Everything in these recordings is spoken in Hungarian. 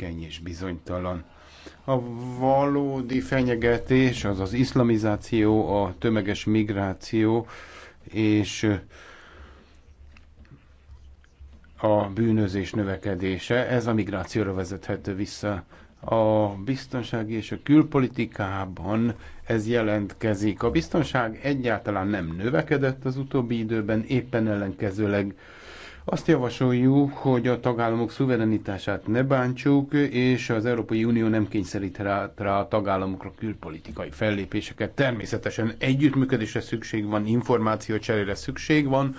érzékeny és bizonytalan. A valódi fenyegetés az az iszlamizáció, a tömeges migráció és a bűnözés növekedése. Ez a migrációra vezethető vissza. A biztonsági és a külpolitikában ez jelentkezik. A biztonság egyáltalán nem növekedett az utóbbi időben, éppen ellenkezőleg azt javasoljuk, hogy a tagállamok szuverenitását ne bántsuk, és az Európai Unió nem kényszerít rá, rá a tagállamokra külpolitikai fellépéseket. Természetesen együttműködésre szükség van, információcserére szükség van,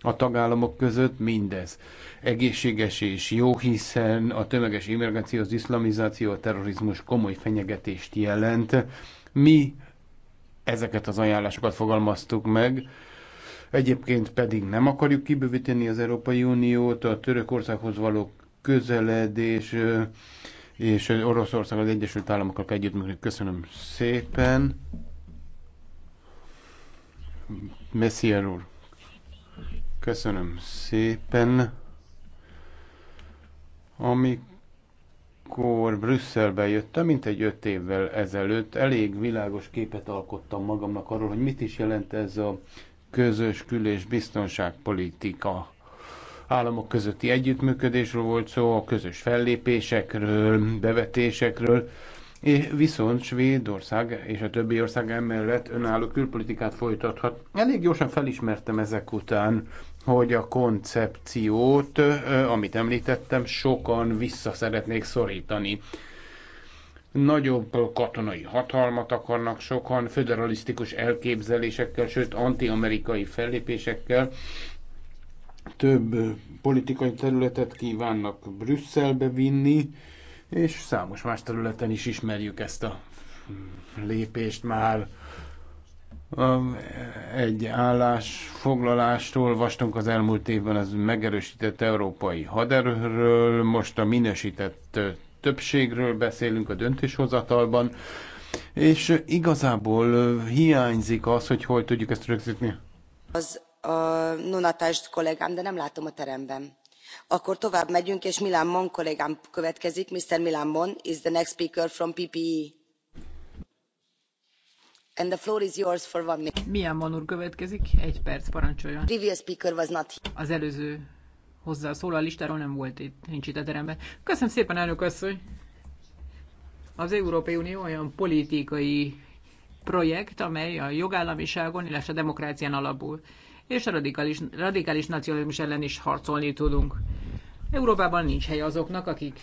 a tagállamok között mindez egészséges és jó, hiszen a tömeges immigráció, az iszlamizáció, a terrorizmus komoly fenyegetést jelent. Mi ezeket az ajánlásokat fogalmaztuk meg, Egyébként pedig nem akarjuk kibővíteni az Európai Uniót, a Törökországhoz való közeledés és Oroszország az Egyesült Államokkal kell együttműködni. Köszönöm szépen. Messier úr. Köszönöm szépen. Amikor Brüsszelbe jöttem, mint egy öt évvel ezelőtt, elég világos képet alkottam magamnak arról, hogy mit is jelent ez a közös kül- és biztonságpolitika államok közötti együttműködésről volt szó, a közös fellépésekről, bevetésekről, és viszont Svédország és a többi ország emellett önálló külpolitikát folytathat. Elég gyorsan felismertem ezek után, hogy a koncepciót, amit említettem, sokan vissza szeretnék szorítani nagyobb katonai hatalmat akarnak sokan, föderalisztikus elképzelésekkel, sőt anti-amerikai fellépésekkel, több politikai területet kívánnak Brüsszelbe vinni, és számos más területen is ismerjük ezt a lépést már. Egy állásfoglalást olvastunk az elmúlt évben az megerősített európai haderőről, most a minősített többségről beszélünk a döntéshozatalban, és igazából hiányzik az, hogy hol tudjuk ezt rögzíteni. Az a Nonatást kollégám, de nem látom a teremben. Akkor tovább megyünk, és Milán Mon kollégám következik. Mr. Milán Mon is the next speaker from PPE. And the floor is yours for one minute. Milán Mon úr következik, egy perc parancsoljon. Previous speaker was not here. Az előző hozzászól, a listáról nem volt itt, nincs itt a teremben. Köszönöm szépen, elnök asszony! Az Európai Unió olyan politikai projekt, amely a jogállamiságon, illetve a demokrácián alapul, és a radikális, radikális nacionalizmus ellen is harcolni tudunk. Európában nincs hely azoknak, akik,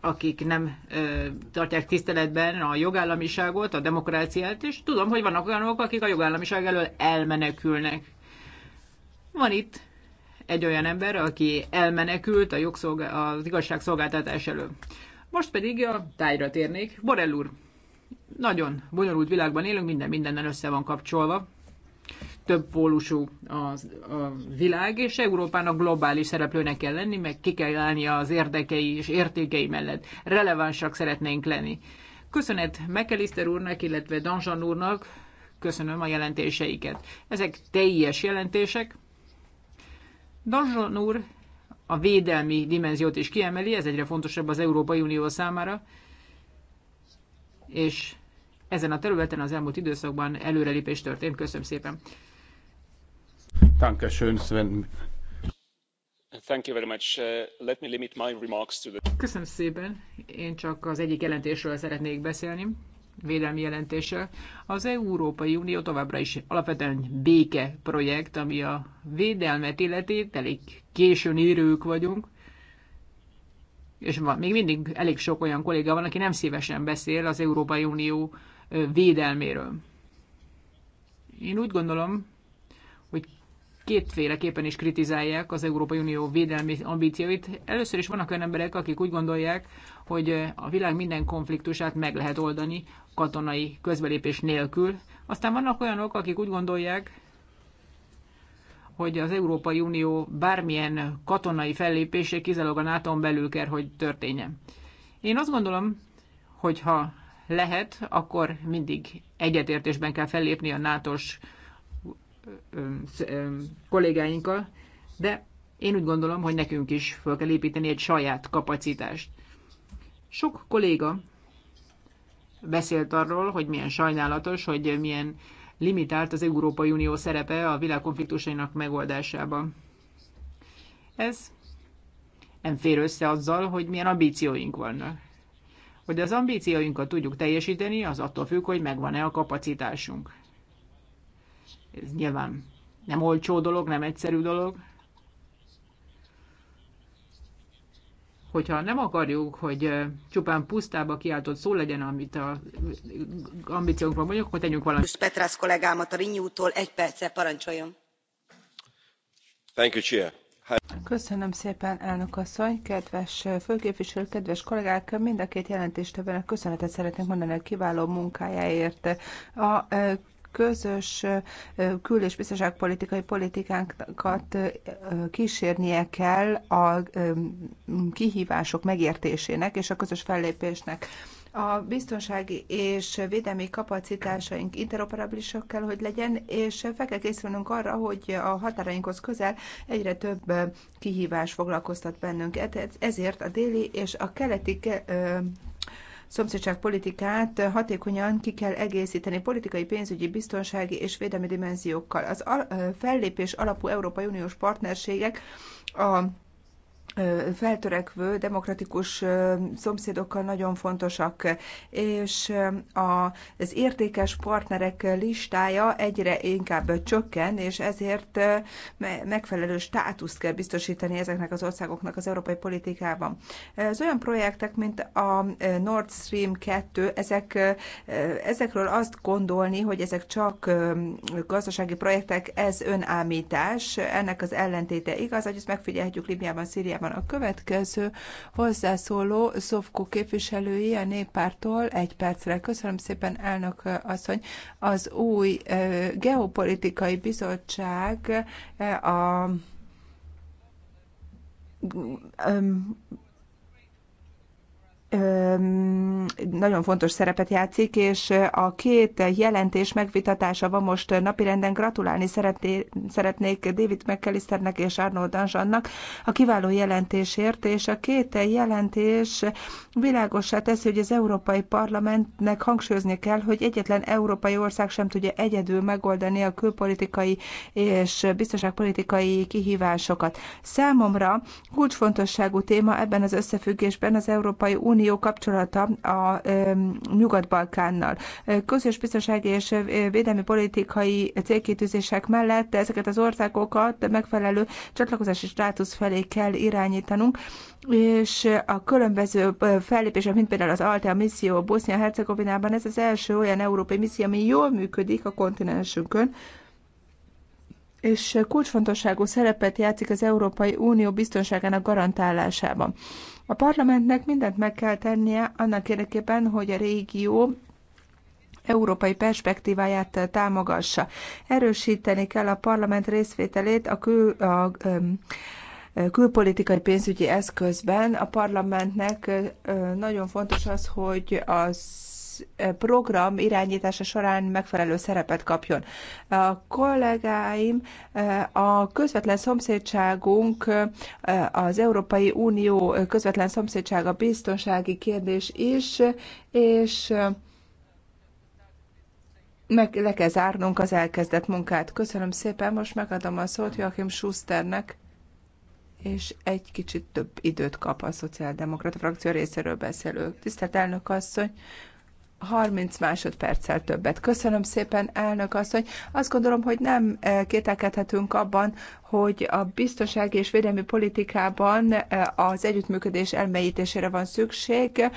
akik nem ö, tartják tiszteletben a jogállamiságot, a demokráciát, és tudom, hogy vannak olyanok, akik a jogállamiság elől elmenekülnek. Van itt egy olyan ember, aki elmenekült a jogszolga- az igazságszolgáltatás elől. Most pedig a tájra térnék. Borel úr, nagyon bonyolult világban élünk, minden mindennel össze van kapcsolva. Több pólusú a, a világ, és Európának globális szereplőnek kell lenni, meg ki kell állni az érdekei és értékei mellett. Relevánsak szeretnénk lenni. Köszönet McAllister úrnak, illetve Danzsan úrnak, köszönöm a jelentéseiket. Ezek teljes jelentések, Danzson úr a védelmi dimenziót is kiemeli, ez egyre fontosabb az Európai Unió számára, és ezen a területen az elmúlt időszakban előrelépés történt. Köszönöm szépen. Sven. Thank you very much. Uh, let me limit my remarks to the... Köszönöm szépen. Én csak az egyik jelentésről szeretnék beszélni védelmi jelentése. Az Európai Unió továbbra is alapvetően béke projekt, ami a védelmet illeti, elég későn érők vagyunk, és van, még mindig elég sok olyan kolléga van, aki nem szívesen beszél az Európai Unió védelméről. Én úgy gondolom, kétféleképpen is kritizálják az Európai Unió védelmi ambícióit. Először is vannak olyan emberek, akik úgy gondolják, hogy a világ minden konfliktusát meg lehet oldani katonai közbelépés nélkül. Aztán vannak olyanok, akik úgy gondolják, hogy az Európai Unió bármilyen katonai fellépése kizárólag a nato belül kell, hogy történjen. Én azt gondolom, hogy ha lehet, akkor mindig egyetértésben kell fellépni a nato kollégáinkkal, de én úgy gondolom, hogy nekünk is fel kell építeni egy saját kapacitást. Sok kolléga beszélt arról, hogy milyen sajnálatos, hogy milyen limitált az Európai Unió szerepe a világ konfliktusainak megoldásában. Ez nem fér össze azzal, hogy milyen ambícióink vannak. Hogy az ambícióinkat tudjuk teljesíteni, az attól függ, hogy megvan-e a kapacitásunk. Ez nyilván nem olcsó dolog, nem egyszerű dolog. Hogyha nem akarjuk, hogy csupán pusztába kiáltott szó legyen, amit a ambíciónkban mondjuk, akkor tegyünk valamit. Petrász kollégámat a Rinyútól egy perce parancsoljon. Thank you, Köszönöm szépen, elnök asszony, kedves főképviselő, kedves kollégák, mind a két jelentéstevőnek köszönetet szeretnék mondani a kiváló munkájáért. A közös kül- és biztonságpolitikai politikánkat kísérnie kell a kihívások megértésének és a közös fellépésnek. A biztonsági és védelmi kapacitásaink interoperabilisak kell, hogy legyen, és fel kell készülnünk arra, hogy a határainkhoz közel egyre több kihívás foglalkoztat bennünket. Ezért a déli és a keleti szomszédságpolitikát hatékonyan ki kell egészíteni politikai, pénzügyi, biztonsági és védelmi dimenziókkal. Az al- fellépés alapú Európai Uniós partnerségek a feltörekvő demokratikus szomszédokkal nagyon fontosak, és az értékes partnerek listája egyre inkább csökken, és ezért megfelelő státuszt kell biztosítani ezeknek az országoknak az európai politikában. Az olyan projektek, mint a Nord Stream 2, ezek, ezekről azt gondolni, hogy ezek csak gazdasági projektek, ez önállítás, ennek az ellentéte igaz, hogy ezt megfigyelhetjük Libyában, Szíriában, van A következő hozzászóló Szovkó képviselői a néppártól egy percre. Köszönöm szépen, elnök asszony. Az új geopolitikai bizottság a nagyon fontos szerepet játszik, és a két jelentés megvitatása van most napirenden. Gratulálni szeretnék David McAllisternek és Arnold Anzsannak a kiváló jelentésért, és a két jelentés világosá teszi, hogy az Európai Parlamentnek hangsúlyozni kell, hogy egyetlen európai ország sem tudja egyedül megoldani a külpolitikai és biztonságpolitikai kihívásokat. Számomra kulcsfontosságú téma ebben az összefüggésben az Európai Unió Unió kapcsolata a Nyugat-Balkánnal. Közös biztonsági és védelmi politikai célkétűzések mellett ezeket az országokat megfelelő csatlakozási státusz felé kell irányítanunk, és a különböző fellépések, mint például az Altea misszió Bosznia-Hercegovinában, ez az első olyan európai misszió, ami jól működik a kontinensünkön, és kulcsfontosságú szerepet játszik az Európai Unió biztonságának garantálásában. A parlamentnek mindent meg kell tennie annak érdekében, hogy a régió európai perspektíváját támogassa. Erősíteni kell a parlament részvételét a, kül, a, a külpolitikai pénzügyi eszközben. A parlamentnek nagyon fontos az, hogy az program irányítása során megfelelő szerepet kapjon. A kollégáim a közvetlen szomszédságunk, az Európai Unió közvetlen szomszédsága biztonsági kérdés is, és meg le kell zárnunk az elkezdett munkát. Köszönöm szépen, most megadom a szót Joachim Schusternek, és egy kicsit több időt kap a Szociáldemokrata frakció részéről beszélő. Tisztelt elnök asszony, 30 másodperccel többet. Köszönöm szépen, elnök asszony. Azt gondolom, hogy nem eh, kételkedhetünk abban, hogy a biztonsági és védelmi politikában eh, az együttműködés elmélyítésére van szükség.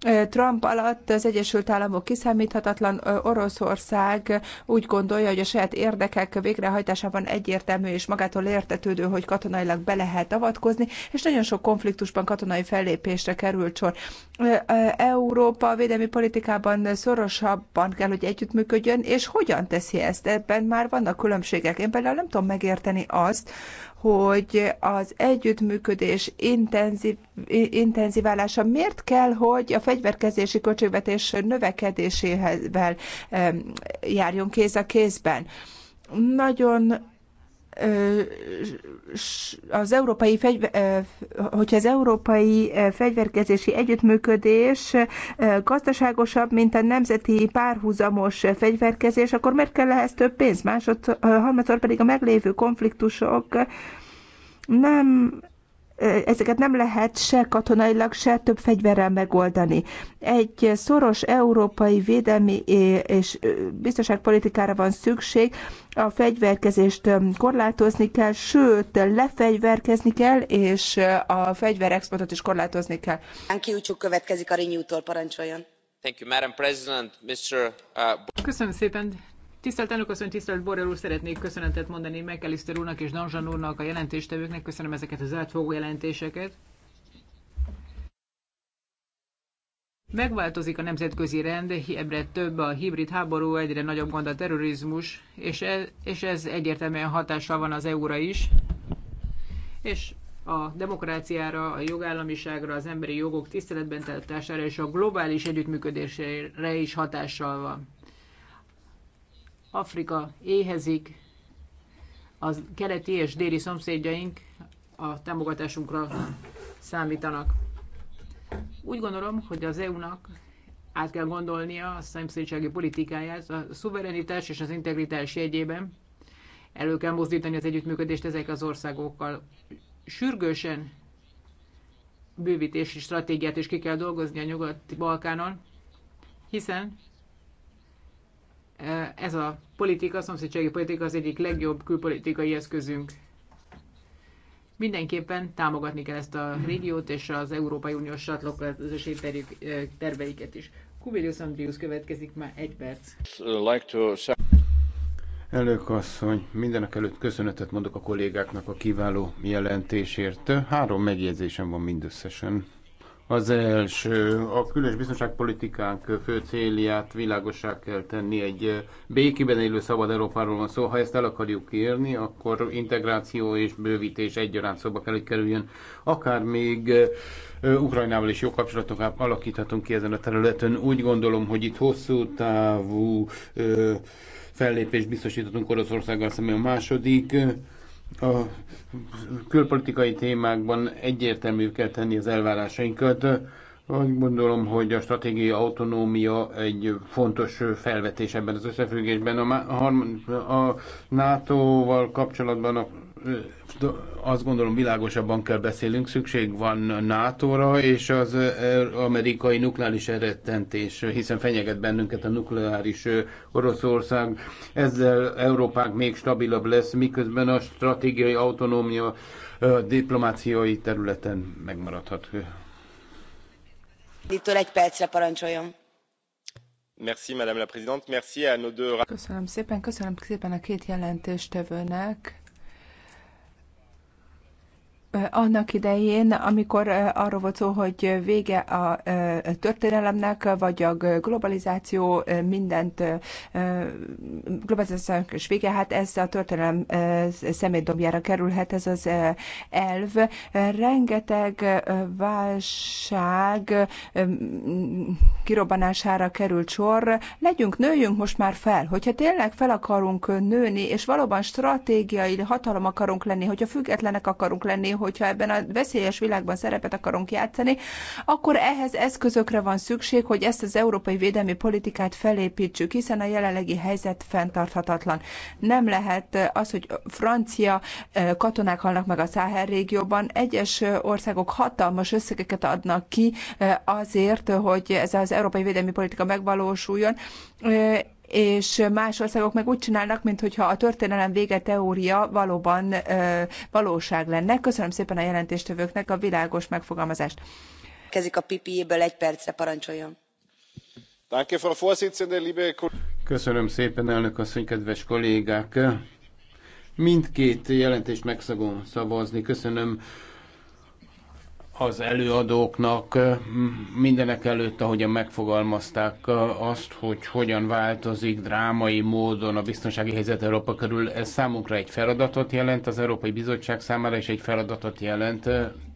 Eh, Trump alatt az Egyesült Államok kiszámíthatatlan Oroszország úgy gondolja, hogy a saját érdekek végrehajtásában egyértelmű és magától értetődő, hogy katonailag be lehet avatkozni, és nagyon sok konfliktusban katonai fellépésre került sor. Európa védelmi politikában Európában szorosabban kell, hogy együttműködjön, és hogyan teszi ezt? Ebben már vannak különbségek. Én például nem tudom megérteni azt, hogy az együttműködés intenzív, intenzíválása miért kell, hogy a fegyverkezési költségvetés növekedésével járjon kéz a kézben. Nagyon az európai fegyver, hogyha az európai fegyverkezési együttműködés gazdaságosabb, mint a nemzeti párhuzamos fegyverkezés, akkor miért kell ehhez több pénz? Másod, harmadszor pedig a meglévő konfliktusok nem ezeket nem lehet se katonailag, se több fegyverrel megoldani. Egy szoros európai védelmi és biztonságpolitikára van szükség, a fegyverkezést korlátozni kell, sőt, lefegyverkezni kell, és a fegyverexportot is korlátozni kell. következik a parancsoljon. Uh, Köszönöm szépen, Tisztelt elnök asszony, tisztelt Borrell úr, szeretnék köszönetet mondani McAllister úrnak és Danzsan úrnak, a jelentéstevőknek. Köszönöm ezeket az átfogó jelentéseket. Megváltozik a nemzetközi rend, ebbre több a hibrid háború, egyre nagyobb gond a terrorizmus, és ez, és ez egyértelműen hatással van az EU-ra is, és a demokráciára, a jogállamiságra, az emberi jogok tiszteletben tartására és a globális együttműködésre is hatással van. Afrika éhezik, az keleti és déli szomszédjaink a támogatásunkra számítanak. Úgy gondolom, hogy az EU-nak át kell gondolnia a szomszédsági politikáját a szuverenitás és az integritás jegyében. Elő kell mozdítani az együttműködést ezek az országokkal. Sürgősen bővítési stratégiát is ki kell dolgozni a Nyugat-Balkánon, hiszen ez a politika, a szomszédsági politika az egyik legjobb külpolitikai eszközünk. Mindenképpen támogatni kell ezt a régiót és az Európai Uniós csatlakozás terveiket is. Kubilius Andrius következik már egy perc. Elnök asszony, mindenek előtt köszönetet mondok a kollégáknak a kiváló jelentésért. Három megjegyzésem van mindösszesen. Az első, a különös biztonságpolitikánk fő célját világosá kell tenni. Egy békében élő szabad Európáról van szó. Ha ezt el akarjuk érni, akkor integráció és bővítés egyaránt szóba kell, hogy kerüljön. Akár még Ukrajnával is jó kapcsolatokat alakíthatunk ki ezen a területen. Úgy gondolom, hogy itt hosszú távú fellépést biztosíthatunk Oroszországgal szemben. A második a külpolitikai témákban egyértelmű kell tenni az elvárásainkat. Úgy gondolom, hogy a stratégiai autonómia egy fontos felvetés ebben az összefüggésben. A, a NATO-val kapcsolatban a azt gondolom világosabban kell beszélünk, szükség van NATO-ra és az amerikai nukleáris eredtentés, hiszen fenyeget bennünket a nukleáris Oroszország. Ezzel Európánk még stabilabb lesz, miközben a stratégiai autonómia a diplomáciai területen megmaradhat. Dittől egy percre parancsoljon. Merci, Madame la Présidente. Merci à nos deux... Köszönöm szépen, köszönöm szépen a két jelentéstevőnek annak idején, amikor arról volt szó, hogy vége a történelemnek, vagy a globalizáció mindent, globalizációnak is vége, hát ez a történelem szemétdobjára kerülhet, ez az elv. Rengeteg válság kirobbanására került sor. Legyünk, nőjünk most már fel, hogyha tényleg fel akarunk nőni, és valóban stratégiai hatalom akarunk lenni, hogyha függetlenek akarunk lenni, hogy hogyha ebben a veszélyes világban szerepet akarunk játszani, akkor ehhez eszközökre van szükség, hogy ezt az európai védelmi politikát felépítsük, hiszen a jelenlegi helyzet fenntarthatatlan. Nem lehet az, hogy francia katonák halnak meg a Száher régióban. Egyes országok hatalmas összegeket adnak ki azért, hogy ez az európai védelmi politika megvalósuljon és más országok meg úgy csinálnak, mintha a történelem vége teória valóban valóság lenne. Köszönöm szépen a jelentéstevőknek a világos megfogalmazást. Kezik a PPE-ből egy percre, parancsoljon. Köszönöm szépen, elnök asszony, kedves kollégák! Mindkét jelentést meg szavazni. Köszönöm az előadóknak mindenek előtt, ahogyan megfogalmazták azt, hogy hogyan változik drámai módon a biztonsági helyzet Európa körül, ez számunkra egy feladatot jelent, az Európai Bizottság számára is egy feladatot jelent,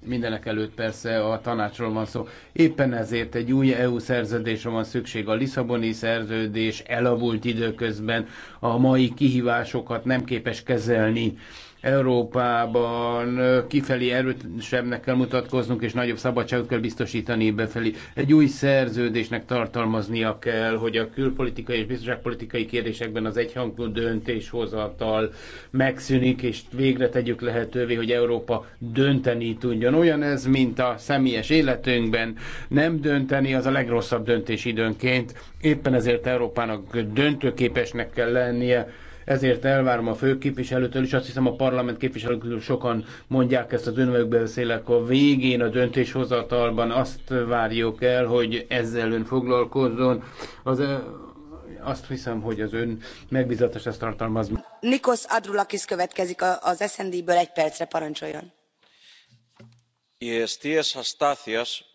mindenek előtt persze a tanácsról van szó. Éppen ezért egy új EU szerződésre van szükség. A Lisszaboni szerződés elavult időközben a mai kihívásokat nem képes kezelni Európában kifelé erősebbnek kell mutatkoznunk, és nagyobb szabadságot kell biztosítani befelé. Egy új szerződésnek tartalmaznia kell, hogy a külpolitikai és biztonságpolitikai kérdésekben az egyhangú döntéshozatal megszűnik, és végre tegyük lehetővé, hogy Európa dönteni tudjon. Olyan ez, mint a személyes életünkben. Nem dönteni az a legrosszabb döntés időnként. Éppen ezért Európának döntőképesnek kell lennie ezért elvárom a fő képviselőtől is, azt hiszem a parlament képviselők sokan mondják ezt az önökbe beszélek a végén, a döntéshozatalban azt várjuk el, hogy ezzel ön foglalkozzon. Az, azt hiszem, hogy az ön megbizatás ezt tartalmaz. Nikos Adrulakis következik az SND-ből egy percre, parancsoljon. Οι αιστείες αστάθειας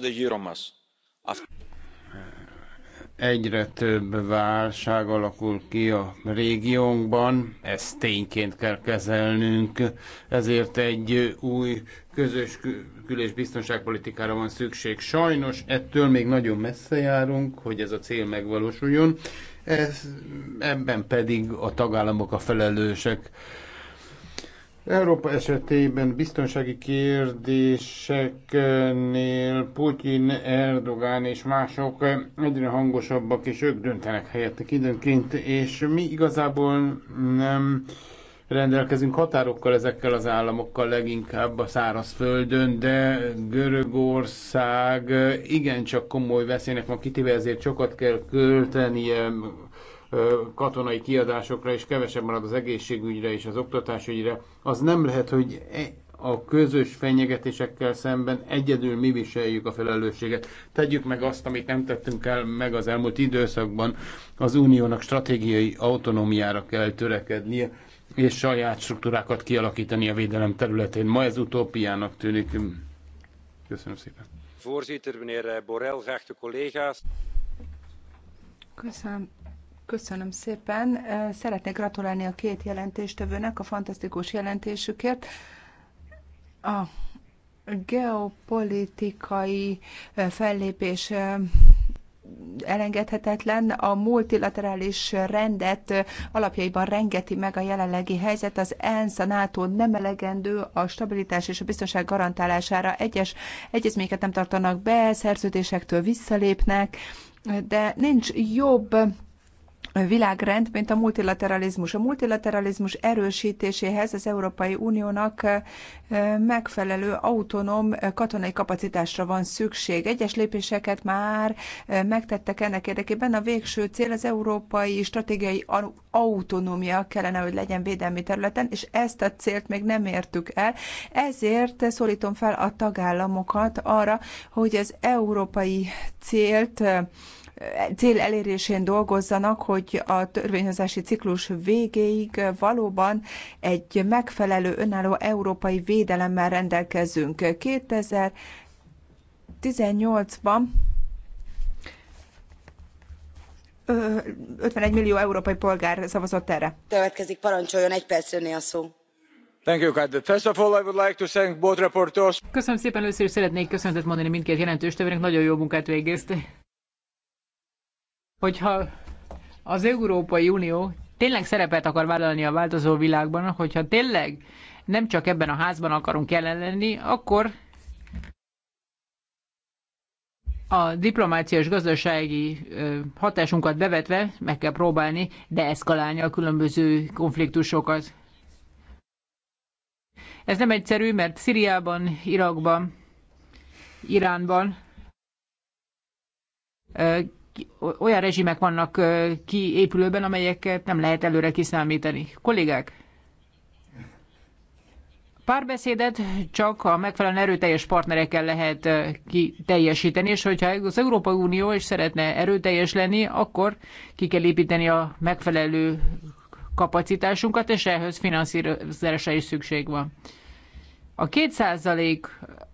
de γύρω egyre több válság alakul ki a régiónkban, ezt tényként kell kezelnünk, ezért egy új közös kül- és biztonságpolitikára van szükség. Sajnos ettől még nagyon messze járunk, hogy ez a cél megvalósuljon, ez, ebben pedig a tagállamok a felelősek Európa esetében biztonsági kérdéseknél Putyin, Erdogán és mások egyre hangosabbak, és ők döntenek helyettek időnként, és mi igazából nem rendelkezünk határokkal ezekkel az államokkal leginkább a szárazföldön, de Görögország igencsak komoly veszélynek van kitéve, ezért sokat kell költenie katonai kiadásokra, és kevesebb marad az egészségügyre és az oktatásügyre, az nem lehet, hogy e, a közös fenyegetésekkel szemben egyedül mi viseljük a felelősséget. Tegyük meg azt, amit nem tettünk el meg az elmúlt időszakban. Az uniónak stratégiai autonómiára kell törekednie, és saját struktúrákat kialakítani a védelem területén. Ma ez utópiának tűnik. Köszönöm szépen. Voorzitter, meneer Borrell vraagt de collega's. Köszönöm Köszönöm szépen. Szeretnék gratulálni a két jelentéstevőnek a fantasztikus jelentésükért. A geopolitikai fellépés elengedhetetlen, a multilaterális rendet alapjaiban rengeti meg a jelenlegi helyzet. Az ENSZ, a NATO nem elegendő a stabilitás és a biztonság garantálására. Egyes egyezményeket nem tartanak be, szerződésektől visszalépnek, de nincs jobb világrend, mint a multilateralizmus. A multilateralizmus erősítéséhez az Európai Uniónak megfelelő autonóm katonai kapacitásra van szükség. Egyes lépéseket már megtettek ennek érdekében. A végső cél az európai stratégiai autonómia kellene, hogy legyen védelmi területen, és ezt a célt még nem értük el. Ezért szólítom fel a tagállamokat arra, hogy az európai célt cél elérésén dolgozzanak, hogy a törvényhozási ciklus végéig valóban egy megfelelő önálló európai védelemmel rendelkezünk. 2018-ban 51 millió európai polgár szavazott erre. Következik, parancsoljon, egy perc önné a szó. Köszönöm szépen, először is szeretnék köszönetet mondani mindkét jelentőstevőnek, nagyon jó munkát végezte hogyha az Európai Unió tényleg szerepet akar vállalni a változó világban, hogyha tényleg nem csak ebben a házban akarunk jelen lenni, akkor a diplomáciás és gazdasági hatásunkat bevetve meg kell próbálni deeszkalálni a különböző konfliktusokat. Ez nem egyszerű, mert Szíriában, Irakban, Iránban olyan rezsimek vannak kiépülőben, amelyeket nem lehet előre kiszámítani. Kollégák, párbeszédet csak a megfelelően erőteljes partnerekkel lehet kiteljesíteni, és hogyha az Európai Unió is szeretne erőteljes lenni, akkor ki kell építeni a megfelelő kapacitásunkat, és ehhez finanszírozásra is szükség van. A kétszázalék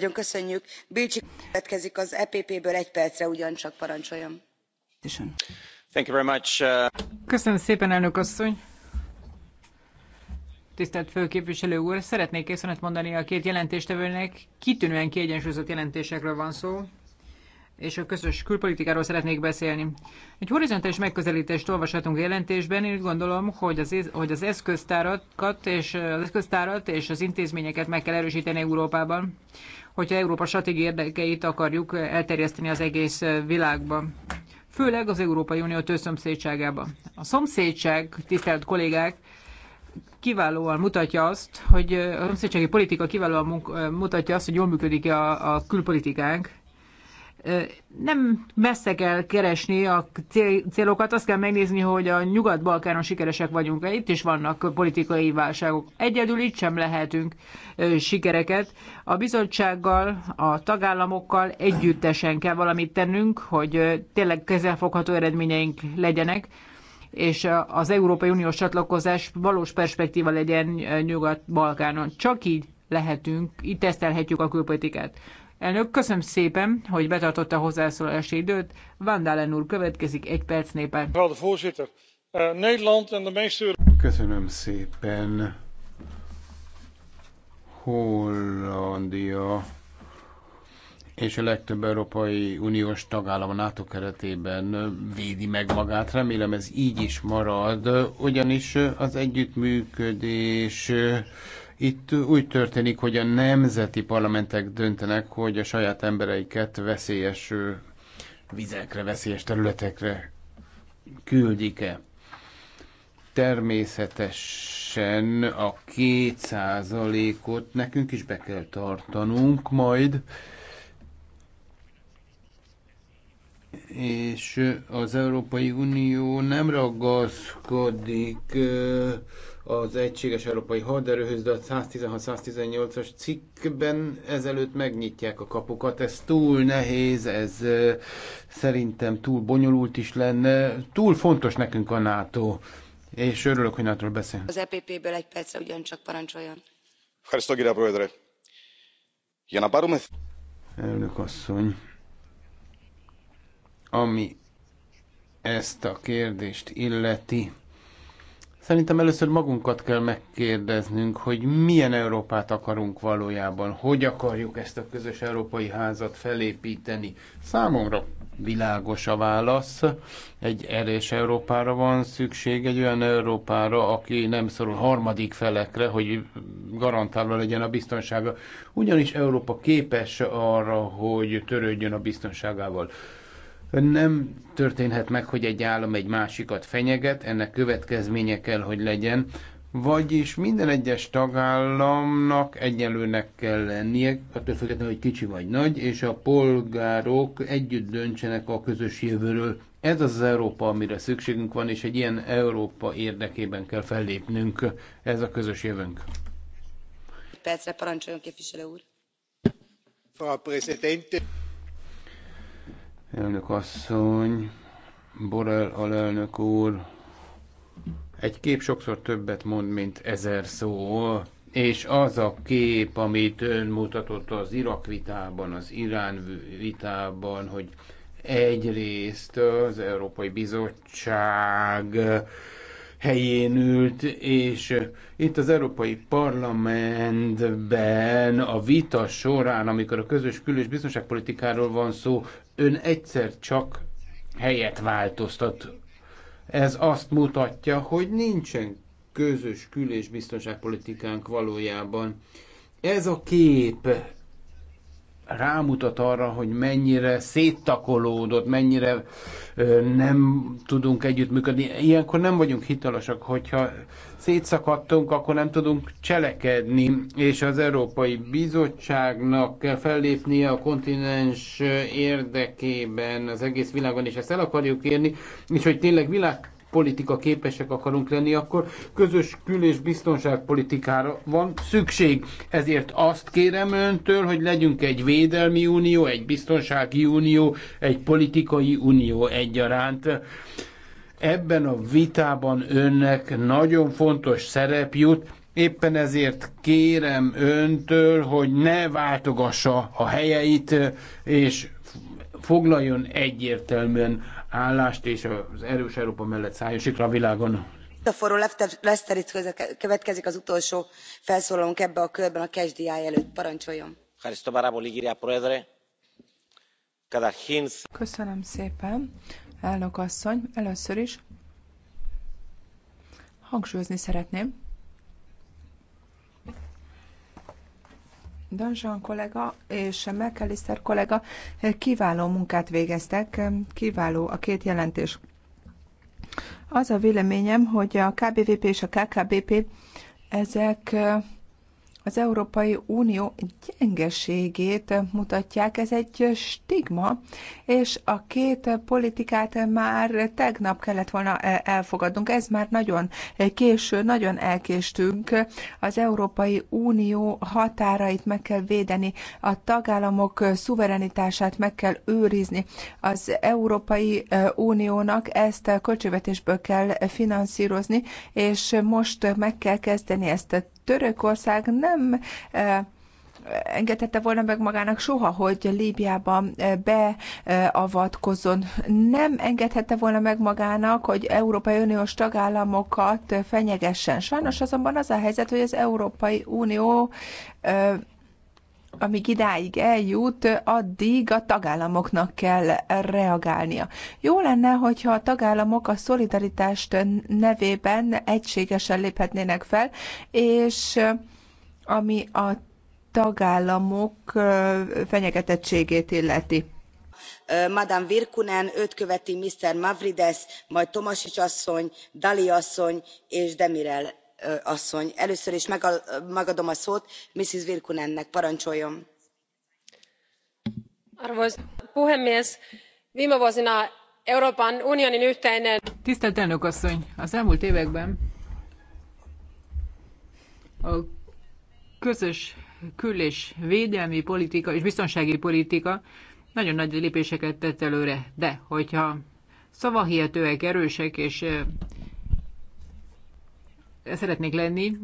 E uh, köszönöm szépen elnök asszony! Tisztelt főképviselő úr, szeretnék köszönetet mondani a két jelentéstevőnek. Kitűnően kiegyensúlyozott jelentésekről van szó és a közös külpolitikáról szeretnék beszélni. Egy horizontális megközelítést olvashatunk a jelentésben, én úgy gondolom, hogy az, hogy az eszköztárat és az eszköztárat és az intézményeket meg kell erősíteni Európában, hogyha Európa stratégiai érdekeit akarjuk elterjeszteni az egész világban főleg az Európai Unió tőszomszédságában. A szomszédság, tisztelt kollégák, kiválóan mutatja azt, hogy a szomszédsági politika kiválóan mutatja azt, hogy jól működik a, a külpolitikánk, nem messze kell keresni a célokat, azt kell megnézni, hogy a Nyugat-Balkánon sikeresek vagyunk-e. Itt is vannak politikai válságok. Egyedül itt sem lehetünk sikereket. A bizottsággal, a tagállamokkal együttesen kell valamit tennünk, hogy tényleg kezelfogható eredményeink legyenek és az Európai Uniós csatlakozás valós perspektíva legyen Nyugat-Balkánon. Csak így lehetünk, így tesztelhetjük a külpolitikát. Elnök, köszönöm szépen, hogy betartotta hozzászólási időt. Vandálen úr következik egy perc népen. Eh, köszönöm szépen. Hollandia és a legtöbb Európai Uniós tagállam a NATO keretében védi meg magát. Remélem ez így is marad, ugyanis az együttműködés itt úgy történik, hogy a nemzeti parlamentek döntenek, hogy a saját embereiket veszélyes vizekre, veszélyes területekre küldik-e. Természetesen a kétszázalékot nekünk is be kell tartanunk majd, és az Európai Unió nem ragaszkodik az egységes európai haderőhöz, de a 116-118-as cikkben ezelőtt megnyitják a kapukat. Ez túl nehéz, ez szerintem túl bonyolult is lenne. Túl fontos nekünk a NATO, és örülök, hogy NATO-ról beszélünk. Az EPP-ből egy perce ugyancsak parancsoljon. Elnök asszony, ami ezt a kérdést illeti. Szerintem először magunkat kell megkérdeznünk, hogy milyen Európát akarunk valójában, hogy akarjuk ezt a közös európai házat felépíteni. Számomra világos a válasz. Egy erős Európára van szükség, egy olyan Európára, aki nem szorul harmadik felekre, hogy garantálva legyen a biztonsága. Ugyanis Európa képes arra, hogy törődjön a biztonságával. Nem történhet meg, hogy egy állam egy másikat fenyeget, ennek következménye kell, hogy legyen. Vagyis minden egyes tagállamnak egyenlőnek kell lennie, attól függetlenül, hogy kicsi vagy nagy, és a polgárok együtt döntsenek a közös jövőről. Ez az, az Európa, amire szükségünk van, és egy ilyen Európa érdekében kell fellépnünk. Ez a közös jövőnk. Percre parancsoljon képviselő úr. Frau Präsidentin! Elnök asszony, Borel alelnök úr, egy kép sokszor többet mond, mint ezer szó. És az a kép, amit ön mutatott az Irak vitában, az Irán vitában, hogy egyrészt az Európai Bizottság helyén ült, és itt az Európai Parlamentben a vita során, amikor a közös külös biztonságpolitikáról van szó, ön egyszer csak helyet változtat. Ez azt mutatja, hogy nincsen közös kül- és biztonságpolitikánk valójában. Ez a kép rámutat arra, hogy mennyire széttakolódott, mennyire nem tudunk együttműködni. Ilyenkor nem vagyunk hitelesek, hogyha szétszakadtunk, akkor nem tudunk cselekedni, és az Európai Bizottságnak kell fellépnie a kontinens érdekében az egész világon, és ezt el akarjuk érni, és hogy tényleg világ politika képesek akarunk lenni, akkor közös kül- és biztonságpolitikára van szükség. Ezért azt kérem öntől, hogy legyünk egy védelmi unió, egy biztonsági unió, egy politikai unió egyaránt. Ebben a vitában önnek nagyon fontos szerep jut, Éppen ezért kérem öntől, hogy ne váltogassa a helyeit, és foglaljon egyértelműen állást, és az erős Európa mellett szálljon sikra a világon. A forró Leszteric következik az utolsó felszólalónk ebbe a körben a KSDI előtt. Parancsoljon! Köszönöm szépen, elnök asszony. Először is hangsúlyozni szeretném, Danzsan kollega és Mekeliszer kollega eh, kiváló munkát végeztek, eh, kiváló a két jelentés. Az a véleményem, hogy a KBVP és a KKBP ezek eh, az Európai Unió gyengeségét mutatják. Ez egy stigma, és a két politikát már tegnap kellett volna eh, elfogadnunk. Ez már nagyon eh, késő, nagyon elkéstünk. Az Európai Unió határait meg kell védeni, a tagállamok szuverenitását meg kell őrizni. Az Európai eh, Uniónak ezt a költségvetésből kell finanszírozni, és most meg kell kezdeni ezt Törökország nem eh, engedhette volna meg magának soha, hogy Líbiában eh, beavatkozzon. Nem engedhette volna meg magának, hogy Európai Uniós tagállamokat fenyegessen. Sajnos azonban az a helyzet, hogy az Európai Unió eh, amíg idáig eljut, addig a tagállamoknak kell reagálnia. Jó lenne, hogyha a tagállamok a szolidaritást nevében egységesen léphetnének fel, és ami a tagállamok fenyegetettségét illeti. Madame Virkunen, őt követi Mr. Mavrides, majd Tomasics asszony, Dali asszony és Demirel asszony először is megadom a szót mrs virkkunennek parancsoljon! arvoisa puhemies viime vuosina euroopan unionin yhteinen. tisztelt elnök asszony! az elmúlt években a közös kül és védelmi politika és biztonsági politika nagyon nagy lépéseket tett előre de hogyha szavahihetőek erősek és szeretnék lenni,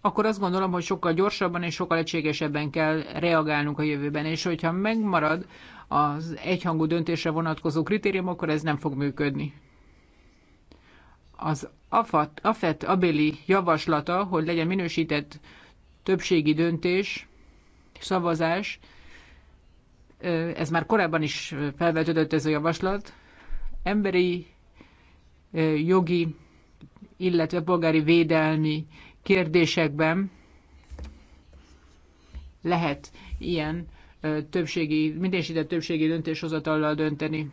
akkor azt gondolom, hogy sokkal gyorsabban és sokkal egységesebben kell reagálnunk a jövőben, és hogyha megmarad az egyhangú döntésre vonatkozó kritérium, akkor ez nem fog működni. Az AFAT, AFET Abeli javaslata, hogy legyen minősített többségi döntés, szavazás, ez már korábban is felvetődött ez a javaslat, emberi eh, jogi illetve polgári védelmi kérdésekben lehet ilyen többségi, mindenesített többségi döntéshozatallal dönteni.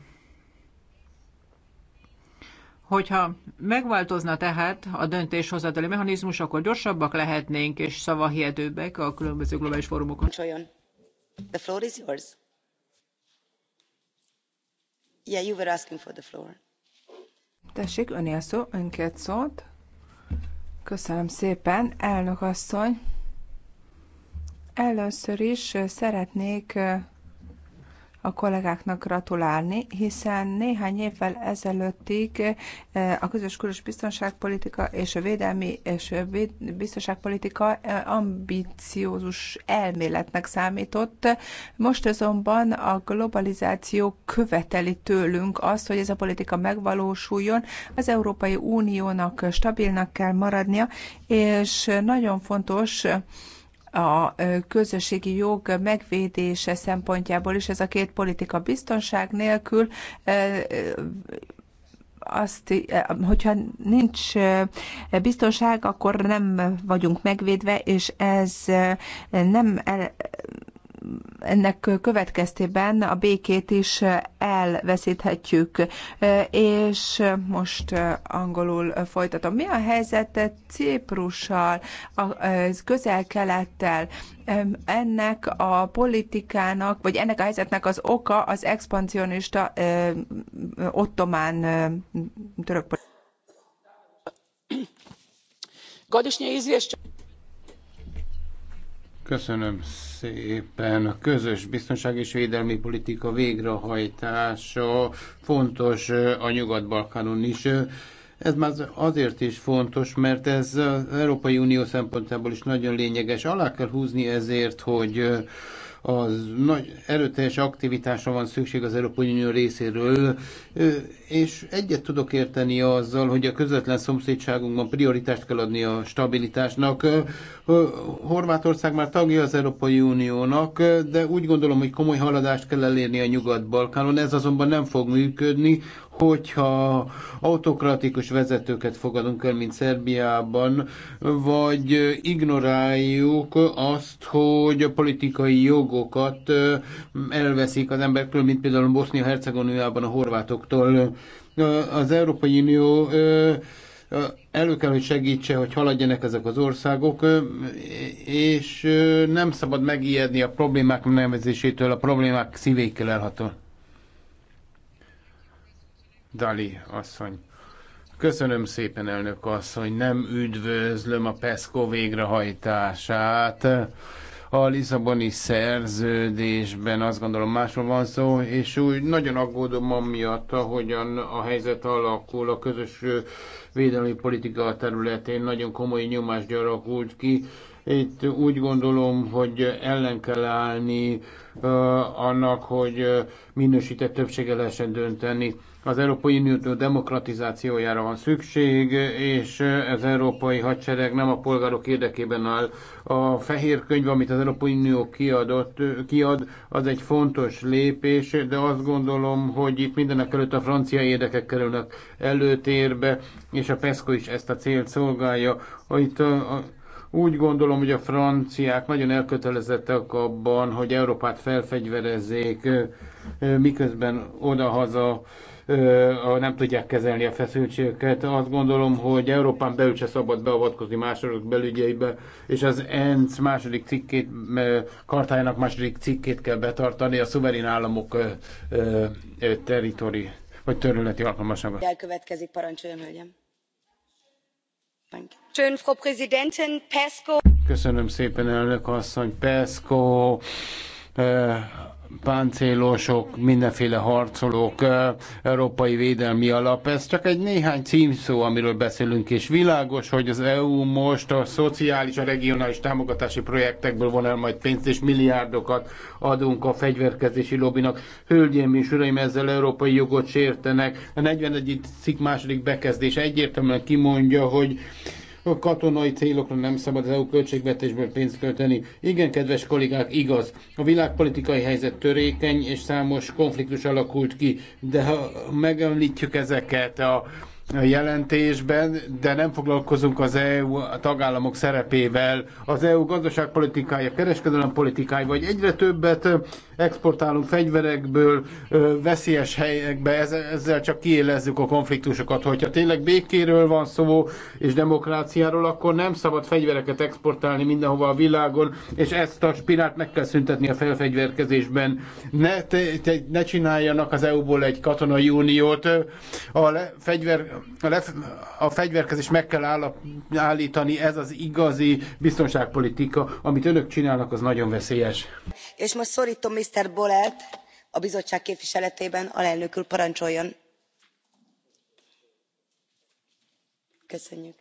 Hogyha megváltozna tehát a döntéshozatali mechanizmus, akkor gyorsabbak lehetnénk és szavahihetőbbek a különböző globális fórumokon. The floor is yours. Yeah, you were asking for the floor. Tessék, önél szó, önkét két szót. Köszönöm szépen, elnök asszony. Először is szeretnék a kollégáknak gratulálni, hiszen néhány évvel ezelőttig eh, a közös külös biztonságpolitika és a védelmi és a biztonságpolitika eh, ambiciózus elméletnek számított. Most azonban a globalizáció követeli tőlünk azt, hogy ez a politika megvalósuljon. Az Európai Uniónak stabilnak kell maradnia, és nagyon fontos, a közösségi jog megvédése szempontjából is ez a két politika biztonság nélkül azt, hogyha nincs biztonság, akkor nem vagyunk megvédve, és ez nem ennek következtében a békét is elveszíthetjük. És most angolul folytatom. Mi a helyzet Ciprussal, a közel-kelettel? Ennek a politikának, vagy ennek a helyzetnek az oka az expansionista ottomán török godišnje izvješće Köszönöm szépen. A közös biztonság és védelmi politika végrehajtása fontos a Nyugat-Balkánon is. Ez már azért is fontos, mert ez az Európai Unió szempontjából is nagyon lényeges. Alá kell húzni ezért, hogy az nagy erőteljes aktivitásra van szükség az Európai Unió részéről, és egyet tudok érteni azzal, hogy a közvetlen szomszédságunkban prioritást kell adni a stabilitásnak. Horvátország már tagja az Európai Uniónak, de úgy gondolom, hogy komoly haladást kell elérni a Nyugat-Balkánon. Ez azonban nem fog működni, hogyha autokratikus vezetőket fogadunk el, mint Szerbiában, vagy ignoráljuk azt, hogy a politikai jogokat elveszik az embertől, mint például Bosznia-Hercegovinában a horvátoktól. Az Európai Unió elő kell, hogy segítse, hogy haladjanak ezek az országok, és nem szabad megijedni a problémák nevezésétől, a problémák szívékkel elható. Dali asszony. Köszönöm szépen, elnök asszony, nem üdvözlöm a PESCO végrehajtását. A Lisszaboni szerződésben azt gondolom másról van szó, és úgy nagyon aggódom amiatt, ahogyan a helyzet alakul a közös védelmi politika területén nagyon komoly nyomás gyarakult ki itt úgy gondolom, hogy ellen kell állni annak, hogy minősített többséggel lehessen dönteni. Az Európai Unió demokratizációjára van szükség, és az európai hadsereg nem a polgárok érdekében áll. A fehér könyv, amit az Európai Unió kiadott, kiad, az egy fontos lépés, de azt gondolom, hogy itt mindenek előtt a francia érdekek kerülnek előtérbe, és a PESCO is ezt a célt szolgálja. Itt a, a úgy gondolom, hogy a franciák nagyon elkötelezettek abban, hogy Európát felfegyverezzék, miközben odahaza nem tudják kezelni a feszültségeket. Azt gondolom, hogy Európán belül se szabad beavatkozni mások belügyeibe, és az ENC második cikkét, kartájának második cikkét kell betartani a szuverén államok teritori vagy törületi alkalmasága. Elkövetkezik, parancsoljon, hölgyem. Thank you. Köszönöm szépen, elnök asszony. PESCO, eh, páncélosok, mindenféle harcolók, eh, Európai Védelmi Alap. Ez csak egy néhány címszó, amiről beszélünk, és világos, hogy az EU most a szociális, a regionális támogatási projektekből von el majd pénzt, és milliárdokat adunk a fegyverkezési lobbinak. Hölgyeim és uraim, ezzel európai jogot sértenek. A 41. cikk második bekezdés egyértelműen kimondja, hogy a katonai célokra nem szabad az EU költségvetésből pénzt költeni. Igen, kedves kollégák, igaz. A világpolitikai helyzet törékeny, és számos konfliktus alakult ki, de ha megemlítjük ezeket a a jelentésben, de nem foglalkozunk az EU a tagállamok szerepével. Az EU gazdaságpolitikája, politikája, vagy egyre többet exportálunk fegyverekből veszélyes helyekbe, ezzel csak kiélezzük a konfliktusokat. Hogyha tényleg békéről van szó és demokráciáról, akkor nem szabad fegyvereket exportálni mindenhova a világon, és ezt a spirált meg kell szüntetni a felfegyverkezésben. Ne, te, te, ne csináljanak az EU-ból egy katonai uniót. A le, fegyver a, fegyverkezés meg kell állítani, ez az igazi biztonságpolitika, amit önök csinálnak, az nagyon veszélyes. És most szorítom Mr. Bolet a bizottság képviseletében, alelnökül parancsoljon. Köszönjük.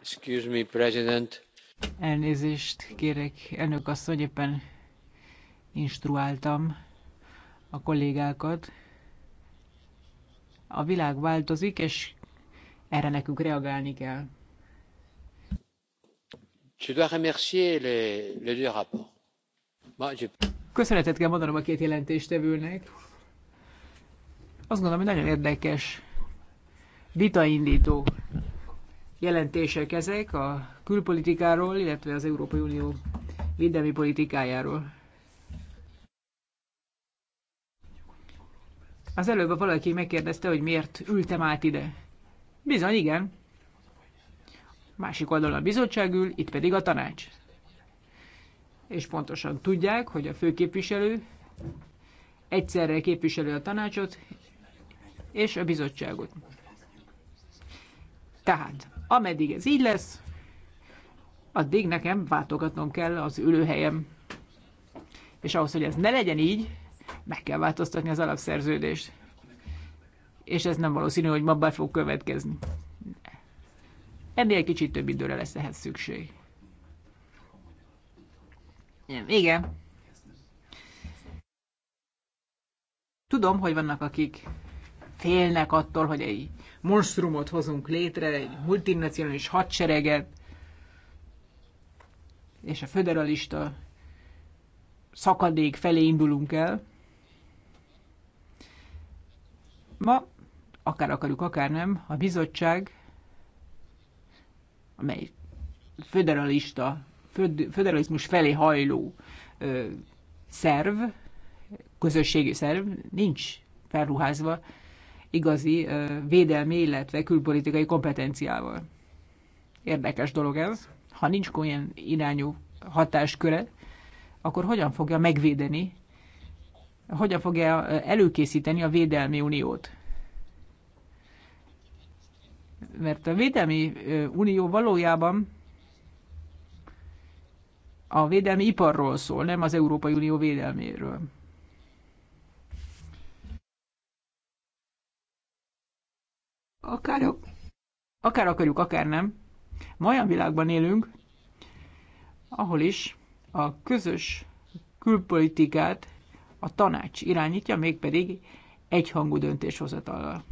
Excuse me, President. Elnézést kérek, elnök asszony, éppen instruáltam a kollégákat. A világ változik, és erre nekünk reagálni kell. Köszönetet kell mondanom a két jelentéstevőnek. Azt gondolom, hogy nagyon érdekes vitaindító jelentések ezek a külpolitikáról, illetve az Európai Unió védelmi politikájáról. Az előbb valaki megkérdezte, hogy miért ültem át ide. Bizony, igen. Másik oldalon a bizottság ül, itt pedig a tanács. És pontosan tudják, hogy a főképviselő egyszerre képviseli a tanácsot és a bizottságot. Tehát, ameddig ez így lesz, addig nekem váltogatnom kell az ülőhelyem. És ahhoz, hogy ez ne legyen így, meg kell változtatni az alapszerződést. És ez nem valószínű, hogy ma be fog következni. Ennél egy kicsit több időre lesz ehhez szükség. Igen. Tudom, hogy vannak, akik félnek attól, hogy egy monstrumot hozunk létre, egy multinacionális hadsereget, és a föderalista szakadék felé indulunk el. Ma, akár akarjuk, akár nem, a bizottság, amely föderalista, föderalizmus felé hajló ö, szerv, közösségi szerv, nincs felruházva igazi ö, védelmi, illetve külpolitikai kompetenciával. Érdekes dolog ez. Ha nincs olyan irányú hatásköre, akkor hogyan fogja megvédeni hogyan fogja előkészíteni a Védelmi Uniót. Mert a Védelmi Unió valójában a védelmi iparról szól, nem az Európai Unió védelméről. Akár, akár akarjuk, akár nem. Ma olyan világban élünk, ahol is a közös külpolitikát a tanács irányítja, mégpedig egyhangú döntéshozatallal.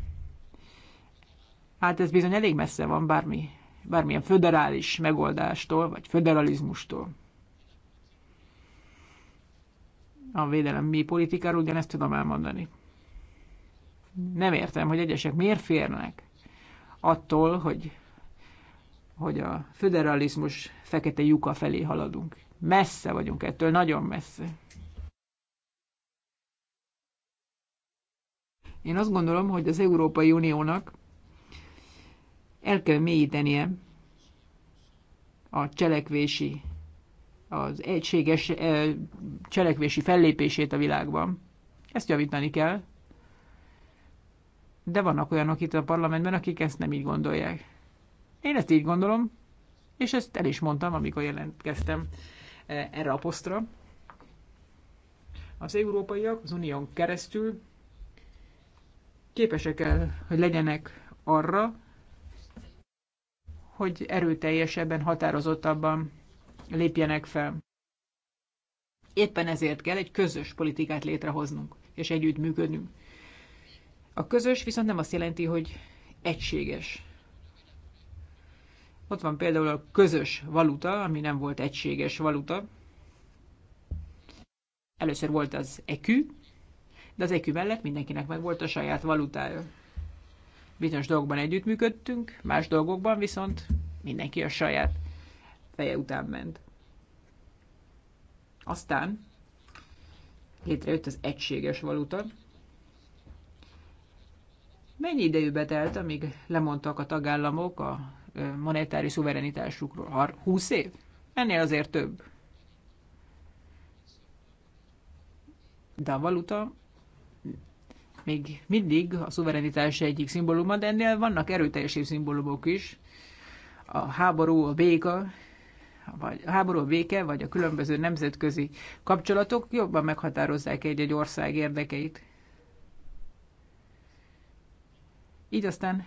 Hát ez bizony elég messze van bármi, bármilyen föderális megoldástól, vagy föderalizmustól. A védelem mi politikáról ugyanezt tudom elmondani. Nem értem, hogy egyesek miért férnek attól, hogy, hogy a föderalizmus fekete lyuka felé haladunk. Messze vagyunk ettől, nagyon messze. Én azt gondolom, hogy az Európai Uniónak el kell mélyítenie a cselekvési, az egységes cselekvési fellépését a világban. Ezt javítani kell. De vannak olyanok itt a parlamentben, akik ezt nem így gondolják. Én ezt így gondolom, és ezt el is mondtam, amikor jelentkeztem erre a posztra. Az európaiak az unión keresztül képesek el, hogy legyenek arra, hogy erőteljesebben, határozottabban lépjenek fel. Éppen ezért kell egy közös politikát létrehoznunk, és együtt működnünk. A közös viszont nem azt jelenti, hogy egységes. Ott van például a közös valuta, ami nem volt egységes valuta. Először volt az EKÜ de az EQ mellett mindenkinek meg volt a saját valutája. Bizonyos dolgokban együttműködtünk, más dolgokban viszont mindenki a saját feje után ment. Aztán létrejött az egységes valuta. Mennyi idejű telt, amíg lemondtak a tagállamok a monetári szuverenitásukról? 20 év? Ennél azért több. De a valuta még mindig a szuverenitás egyik szimbóluma, de ennél vannak erőteljesebb szimbólumok is. A háború, a béka, vagy a háború, a béke, vagy a különböző nemzetközi kapcsolatok jobban meghatározzák egy-egy ország érdekeit. Így aztán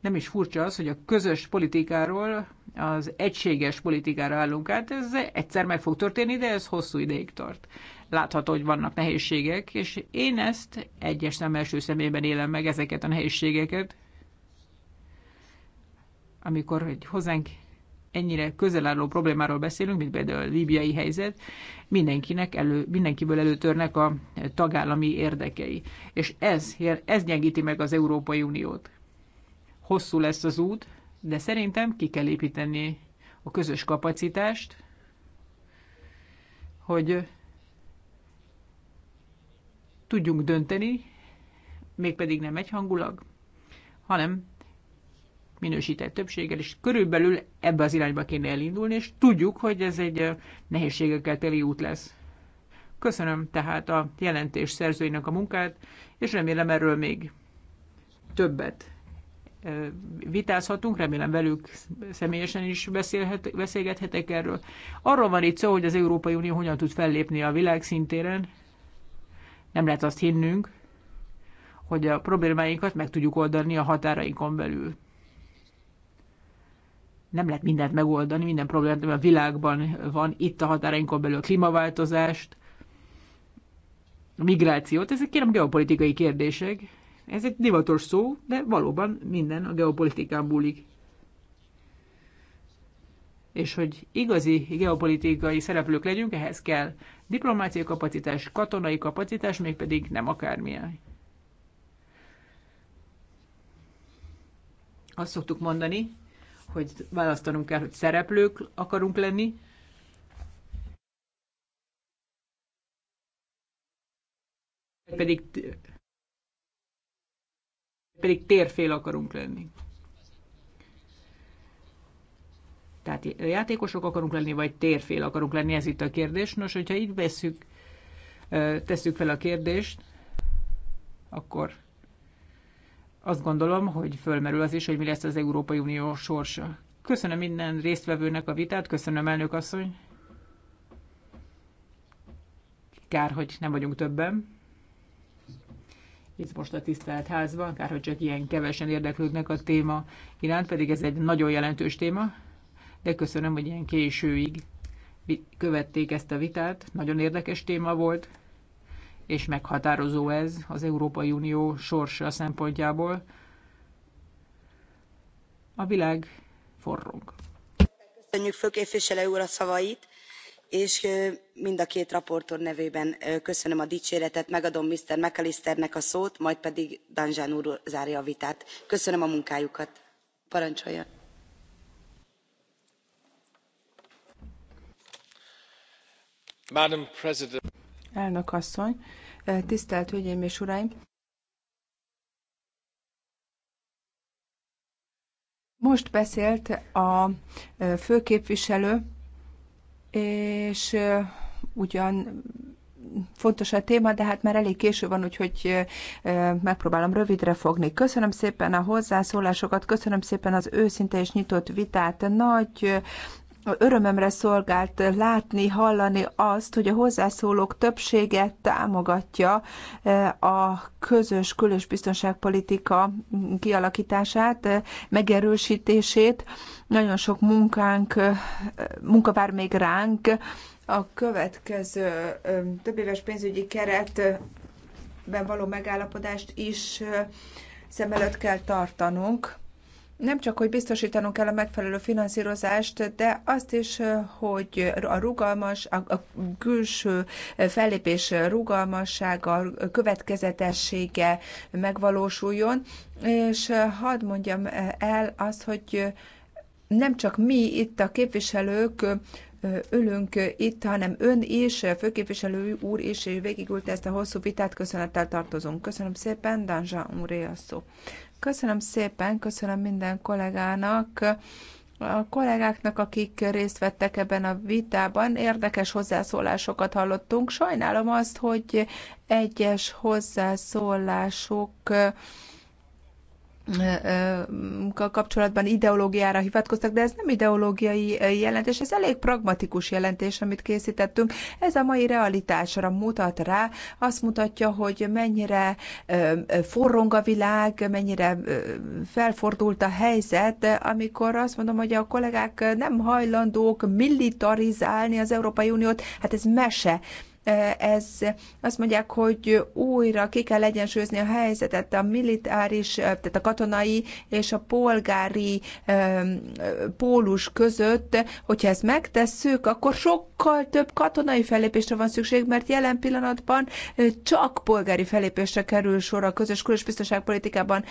nem is furcsa az, hogy a közös politikáról az egységes politikára állunk át. Ez egyszer meg fog történni, de ez hosszú ideig tart látható, hogy vannak nehézségek, és én ezt egyes nem első szemében élem meg ezeket a nehézségeket, amikor egy hozzánk ennyire közel álló problémáról beszélünk, mint például a líbiai helyzet, mindenkinek elő, mindenkiből előtörnek a tagállami érdekei. És ez, ez gyengíti meg az Európai Uniót. Hosszú lesz az út, de szerintem ki kell építeni a közös kapacitást, hogy tudjunk dönteni, mégpedig nem egyhangulag, hanem minősített többséggel, és körülbelül ebbe az irányba kéne elindulni, és tudjuk, hogy ez egy nehézségekkel teli út lesz. Köszönöm tehát a jelentés szerzőinek a munkát, és remélem erről még többet vitázhatunk, remélem velük személyesen is beszélhet, beszélgethetek erről. Arról van itt szó, hogy az Európai Unió hogyan tud fellépni a világszintéren, nem lehet azt hinnünk, hogy a problémáinkat meg tudjuk oldani a határainkon belül. Nem lehet mindent megoldani, minden problémát, a világban van, itt a határainkon belül a klímaváltozást, a migrációt, ezek kérem geopolitikai kérdések. Ez egy divatos szó, de valóban minden a geopolitikán múlik és hogy igazi geopolitikai szereplők legyünk, ehhez kell diplomáciai kapacitás, katonai kapacitás, mégpedig nem akármilyen. Azt szoktuk mondani, hogy választanunk kell, hogy szereplők akarunk lenni, pedig, pedig térfél akarunk lenni. Tehát játékosok akarunk lenni, vagy térfél akarunk lenni, ez itt a kérdés. Nos, hogyha így veszük, tesszük fel a kérdést, akkor azt gondolom, hogy fölmerül az is, hogy mi lesz az Európai Unió sorsa. Köszönöm minden résztvevőnek a vitát, köszönöm elnök asszony. Kár, hogy nem vagyunk többen. Itt most a tisztelt házban, kár, hogy csak ilyen kevesen érdeklődnek a téma iránt, pedig ez egy nagyon jelentős téma de köszönöm, hogy ilyen későig követték ezt a vitát. Nagyon érdekes téma volt, és meghatározó ez az Európai Unió sorsa szempontjából. A világ forrong. Köszönjük főképviselő úr a szavait, és mind a két raportor nevében köszönöm a dicséretet, megadom Mr. McAllisternek a szót, majd pedig Danzsán úr zárja a vitát. Köszönöm a munkájukat. Parancsoljon! Elnök asszony, eh, tisztelt Hölgyeim és Uraim! Most beszélt a eh, főképviselő, és eh, ugyan fontos a téma, de hát már elég késő van, úgyhogy megpróbálom rövidre fogni. Köszönöm szépen a hozzászólásokat, köszönöm szépen az őszinte és nyitott vitát. Nagy örömömre szolgált látni, hallani azt, hogy a hozzászólók többsége támogatja eh, a közös külös biztonságpolitika kialakítását, eh, megerősítését. Nagyon sok munkánk, eh, munka vár még ránk. A következő éves pénzügyi keretben való megállapodást is szem előtt kell tartanunk nem csak, hogy biztosítanunk kell a megfelelő finanszírozást, de azt is, hogy a rugalmas, a külső fellépés rugalmassága, következetessége megvalósuljon, és hadd mondjam el azt, hogy nem csak mi itt a képviselők ülünk itt, hanem ön is, főképviselő úr is végigült ezt a hosszú vitát, köszönettel tartozunk. Köszönöm szépen, Danzsa úré a szó. Köszönöm szépen, köszönöm minden kollégának, a kollégáknak, akik részt vettek ebben a vitában. Érdekes hozzászólásokat hallottunk. Sajnálom azt, hogy egyes hozzászólások kapcsolatban ideológiára hivatkoztak, de ez nem ideológiai jelentés, ez elég pragmatikus jelentés, amit készítettünk. Ez a mai realitásra mutat rá, azt mutatja, hogy mennyire forrong a világ, mennyire felfordult a helyzet, amikor azt mondom, hogy a kollégák nem hajlandók militarizálni az Európai Uniót, hát ez mese. Eh, ez azt mondják, hogy újra ki kell egyensúlyozni a helyzetet a militáris, eh, tehát a katonai és a polgári eh, pólus között, hogyha ezt megtesszük, akkor sokkal több katonai fellépésre van szükség, mert jelen pillanatban csak polgári fellépésre kerül sor a közös külös biztonságpolitikában.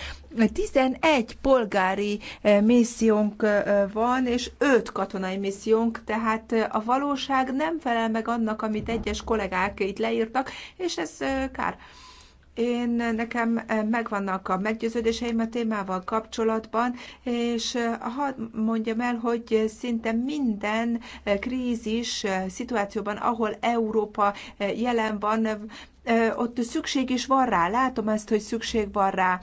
11 polgári missziónk van, és 5 katonai missziónk, tehát a valóság nem felel meg annak, amit egyes kollégák kollégák itt leírtak, és ez kár. Én nekem megvannak a meggyőződéseim a témával kapcsolatban, és ha mondjam el, hogy szinte minden krízis szituációban, ahol Európa jelen van, ott szükség is van rá, látom ezt, hogy szükség van rá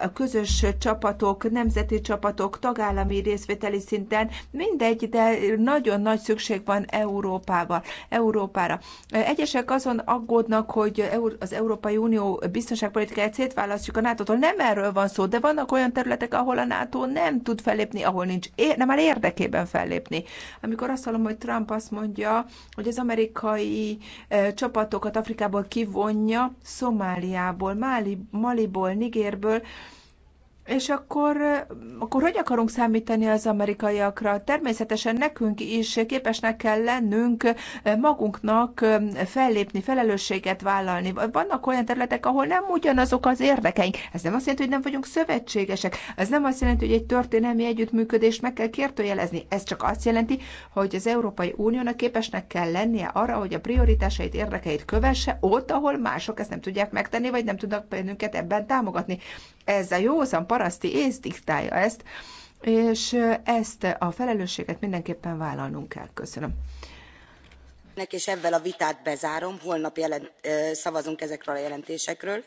a közös csapatok, nemzeti csapatok, tagállami részvételi szinten, mindegy, de nagyon nagy szükség van Európába, Európára. Egyesek azon aggódnak, hogy az Európai Unió biztonságpolitikáját szétválasztjuk a NATO-tól. Nem erről van szó, de vannak olyan területek, ahol a NATO nem tud fellépni, ahol nincs, nem áll érdekében fellépni. Amikor azt hallom, hogy Trump azt mondja, hogy az amerikai csapatokat Afrikából kiv kivonja Szomáliából, Máli, Maliból, Nigérből, és akkor, akkor hogy akarunk számítani az amerikaiakra? Természetesen nekünk is képesnek kell lennünk magunknak fellépni, felelősséget vállalni. Vannak olyan területek, ahol nem ugyanazok az érdekeink. Ez nem azt jelenti, hogy nem vagyunk szövetségesek. Ez nem azt jelenti, hogy egy történelmi együttműködést meg kell kértőjelezni. Ez csak azt jelenti, hogy az Európai Uniónak képesnek kell lennie arra, hogy a prioritásait, érdekeit kövesse ott, ahol mások ezt nem tudják megtenni, vagy nem tudnak bennünket ebben támogatni ez a józan paraszti ész diktálja ezt, és ezt a felelősséget mindenképpen vállalnunk kell. Köszönöm. És ebben a vitát bezárom, holnap jelent, szavazunk ezekről a jelentésekről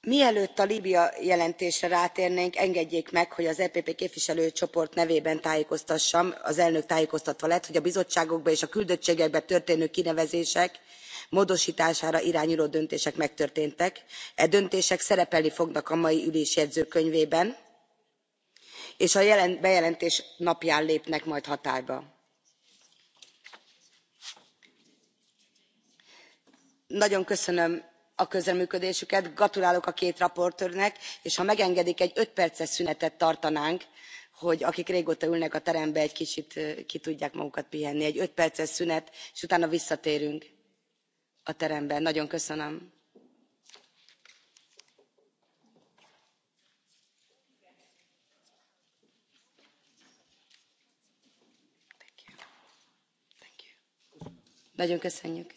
mielőtt a lbia jelentésre rátérnénk engedjék meg hogy az epp képviselőcsoport nevében tájékoztassam az elnök tájékoztatva lett hogy a bizottságokba és a küldöttségekbe történő kinevezések módostására irányuló döntések megtörténtek e döntések szerepelni fognak a mai ülés jegyzőkönyvében és a bejelentés napján lépnek majd hatályba. nagyon köszönöm a közreműködésüket gratulálok a két raportőrnek és ha megengedik egy ötperces szünetet tartanánk hogy akik régóta ülnek a teremben egy kicsit ki tudják magukat pihenni. egy ötperces szünet és utána visszatérünk a terembe. nagyon köszönöm. nagyon köszönjük.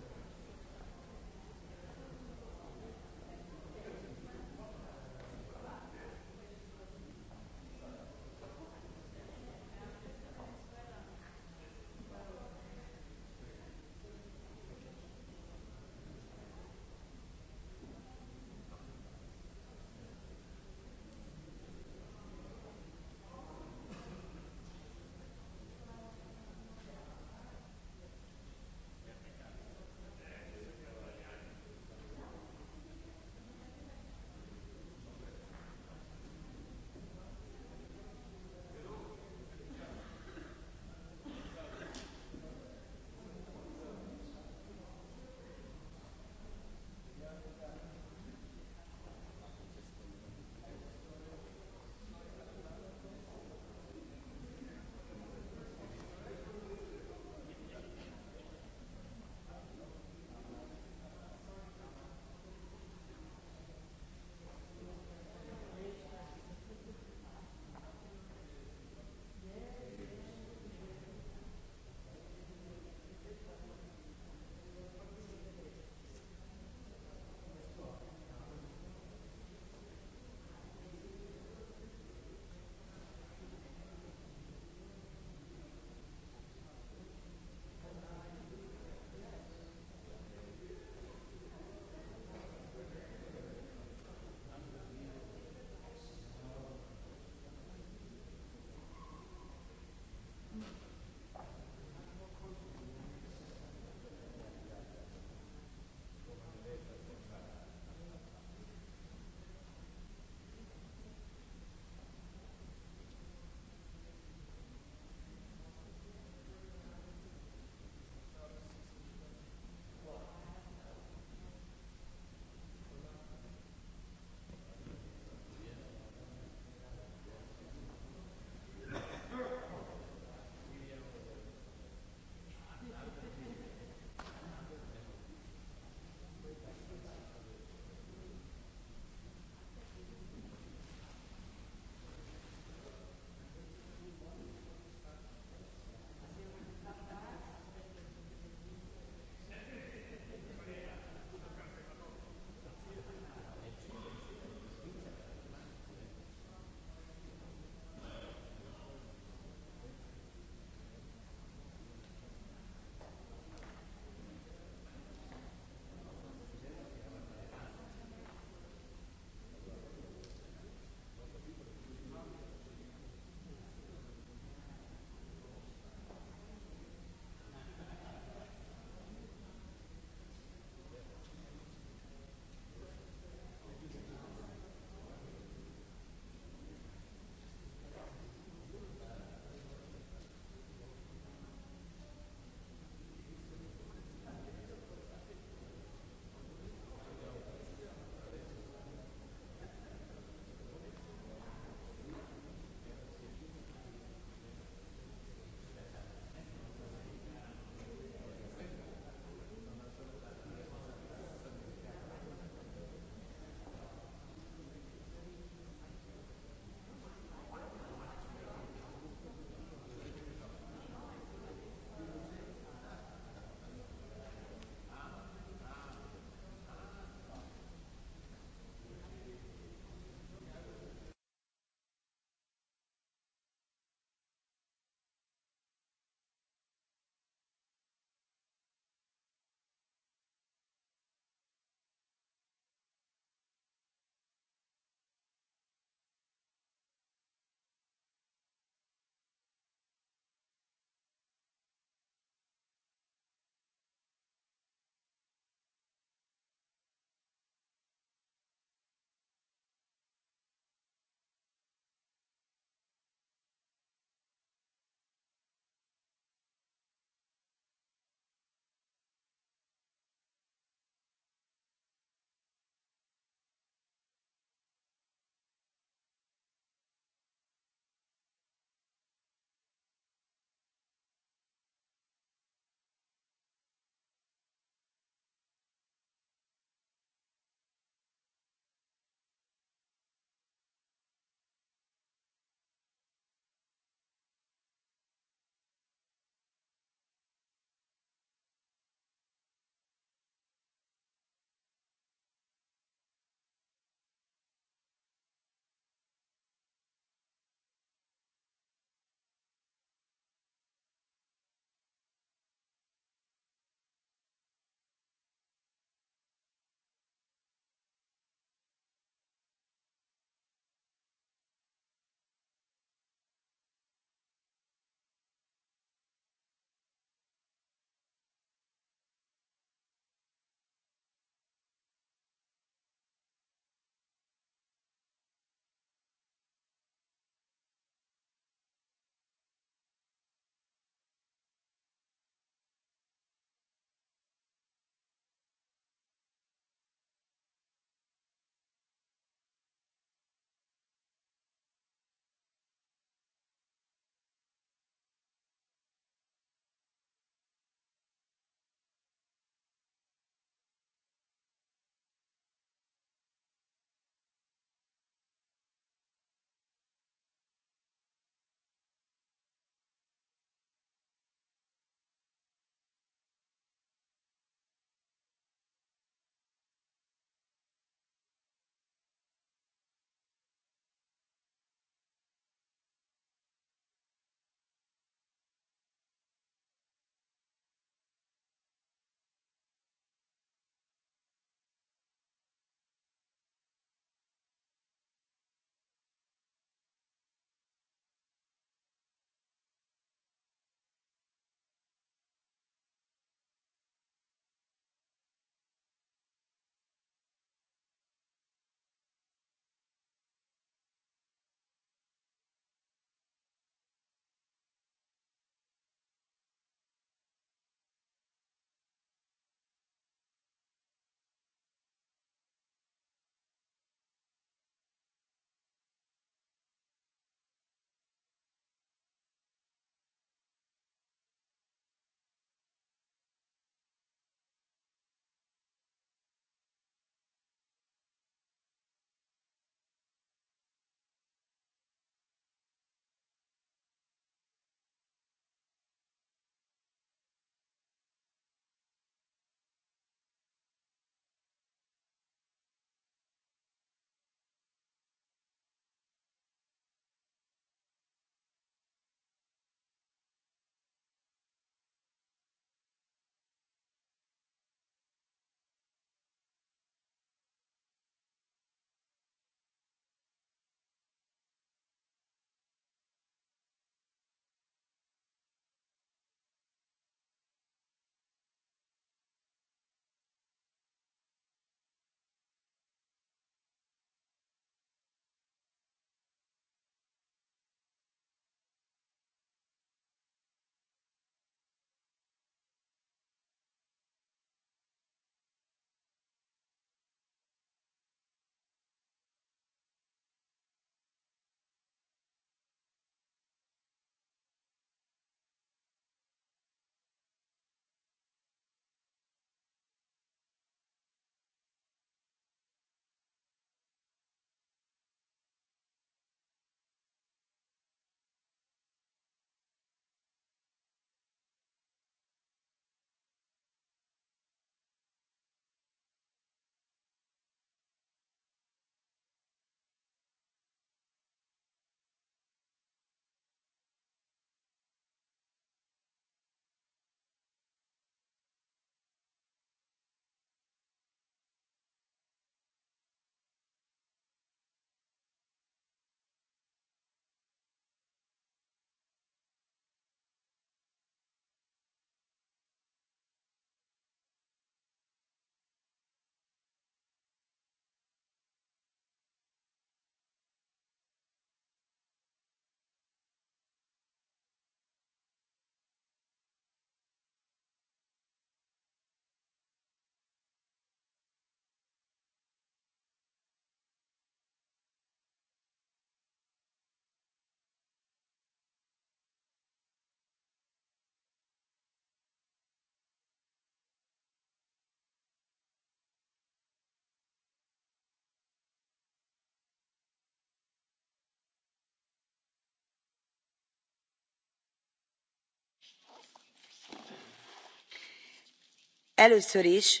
először is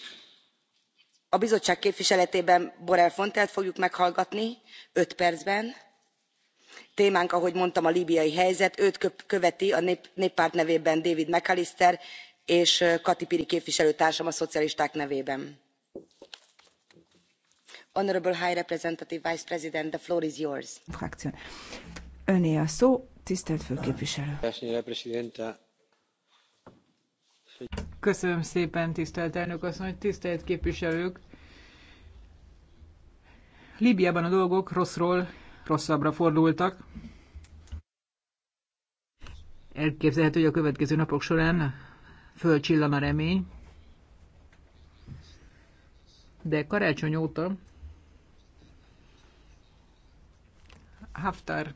a bizottság képviseletében borrell fontelt fogjuk meghallgatni öt percben témánk ahogy mondtam a lbiai helyzet őt követi a néppárt nevében david mcallister és kati piri képviselőtársam a szocialisták nevében. honourable high representative vice president the floor is yours. öné a szó tisztelt főképviselő! Köszönöm szépen, tisztelt elnök asszony, tisztelt képviselők! Líbiában a dolgok rosszról rosszabbra fordultak. Elképzelhető, hogy a következő napok során fölcsillan a remény, de karácsony óta Haftar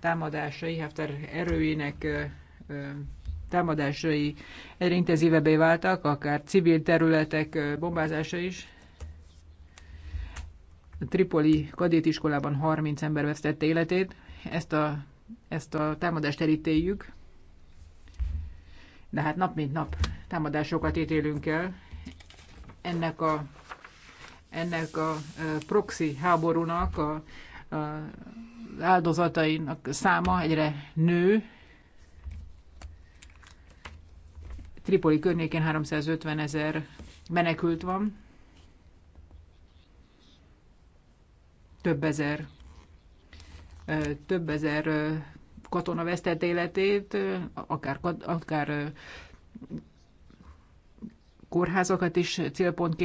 támadásai, Haftar erőinek támadásai egyre intenzívebbé váltak, akár civil területek bombázása is. A Tripoli kadétiskolában 30 ember vesztette életét. Ezt a, ezt a támadást elítéljük, de hát nap mint nap támadásokat ítélünk el. Ennek a, ennek a proxy háborúnak a, a áldozatainak száma egyre nő, Tripoli környékén 350 ezer menekült van, több ezer, több ezer katona vesztett életét, akár, akár kórházakat is célpontként